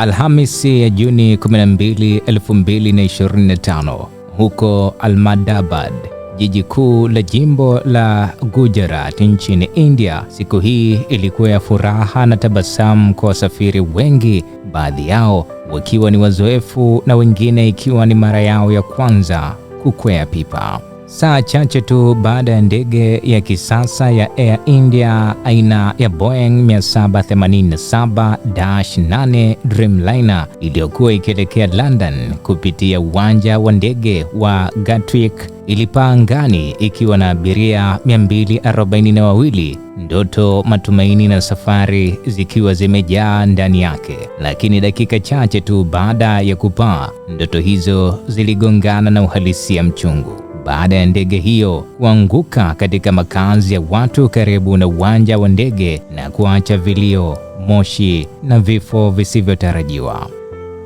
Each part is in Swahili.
Alhamisi ya Juni 12, 2025 huko almadabad jiji kuu la jimbo la Gujarat nchini India. Siku hii ilikuwa ya furaha na tabasamu kwa wasafiri wengi, baadhi yao wakiwa ni wazoefu na wengine ikiwa ni mara yao ya kwanza kukwea pipa. Saa chache tu baada ya ndege ya kisasa ya Air India aina ya Boeing 787-8 Dreamliner iliyokuwa ikielekea London kupitia uwanja wa ndege wa Gatwick ilipaa angani ikiwa na abiria 242, ndoto, matumaini na safari zikiwa zimejaa ndani yake. Lakini dakika chache tu baada ya kupaa, ndoto hizo ziligongana na uhalisia mchungu baada ya ndege hiyo kuanguka katika makazi ya watu karibu na uwanja wa ndege na kuacha vilio, moshi na vifo visivyotarajiwa.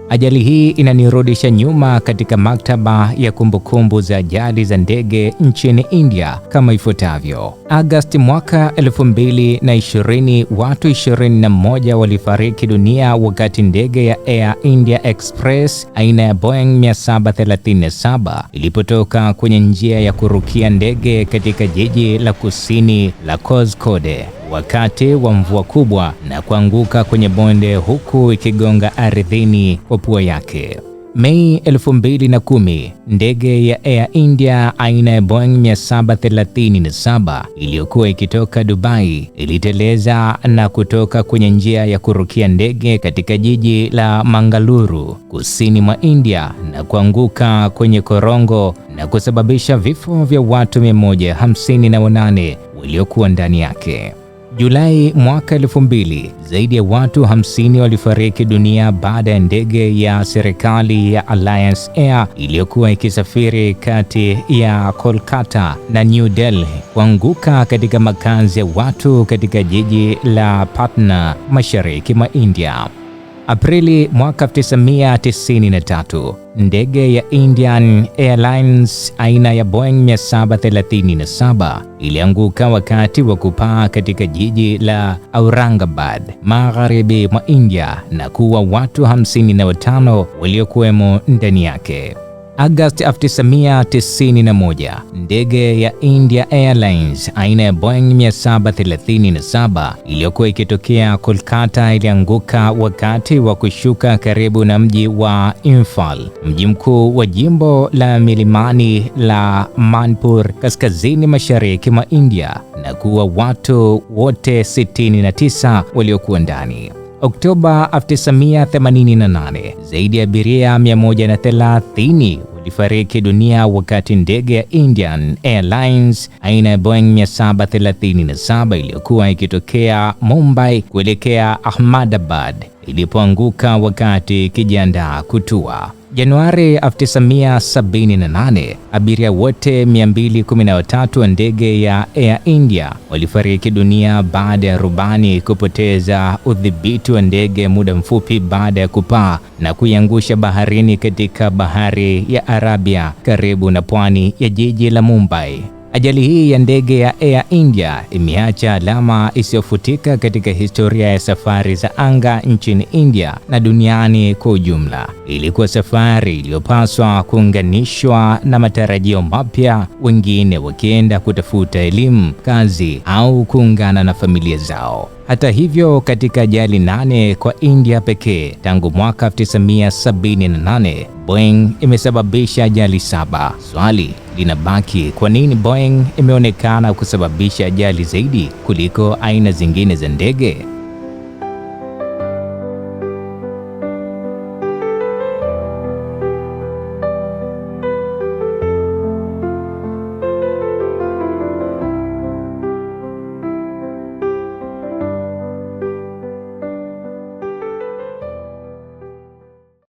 Ajali hii inanirudisha nyuma katika maktaba ya kumbukumbu za ajali za ndege nchini India kama ifuatavyo. Agosti mwaka 2020, watu 21 walifariki dunia wakati ndege ya Air India Express aina ya Boeing 737 ilipotoka kwenye njia ya kurukia ndege katika jiji la kusini la Kozhikode wakati wa mvua kubwa na kuanguka kwenye bonde huku ikigonga ardhini kwa pua yake. Mei 2010, ndege ya Air India aina ya Boeing 737 iliyokuwa ikitoka Dubai iliteleza na kutoka kwenye njia ya kurukia ndege katika jiji la Mangaluru, kusini mwa India na kuanguka kwenye korongo na kusababisha vifo vya watu 158 waliokuwa ndani yake. Julai mwaka 2000, zaidi ya watu 50 walifariki dunia baada ya ndege ya serikali ya Alliance Air iliyokuwa ikisafiri kati ya Kolkata na New Delhi kuanguka katika makazi ya watu katika jiji la Patna, mashariki mwa India. Aprili mwaka 1993, ndege ya Indian Airlines aina ya Boeing 737 ilianguka wakati wa kupaa katika jiji la Aurangabad, magharibi mwa India na kuwa watu 55 waliokuwemo ndani yake. Agosti 1991, ndege ya India Airlines aina ya Boeing 737 iliyokuwa ikitokea Kolkata ilianguka wakati wa kushuka karibu na mji wa Imphal, mji mkuu wa jimbo la milimani la Manipur kaskazini mashariki mwa India na kuwa watu wote 69 waliokuwa ndani. Oktoba 1988, zaidi ya abiria 130 walifariki dunia wakati ndege ya Indian Airlines aina ya Boeing 737 iliyokuwa ikitokea Mumbai kuelekea Ahmedabad ilipoanguka wakati ikijiandaa kutua. Januari 1978, abiria wote 213 wa ndege ya Air India walifariki dunia baada ya rubani kupoteza udhibiti wa ndege muda mfupi baada ya kupaa na kuiangusha baharini katika bahari ya Arabia karibu na pwani ya jiji la Mumbai. Ajali hii ya ndege ya Air India imeacha alama isiyofutika katika historia ya safari za anga nchini India na duniani kwa ujumla. Ilikuwa safari iliyopaswa kuunganishwa na matarajio mapya, wengine wakienda kutafuta elimu, kazi au kuungana na familia zao. Hata hivyo, katika ajali nane kwa India pekee tangu mwaka 1978 Boeing imesababisha ajali saba. Swali linabaki, kwa nini Boeing imeonekana kusababisha ajali zaidi kuliko aina zingine za ndege?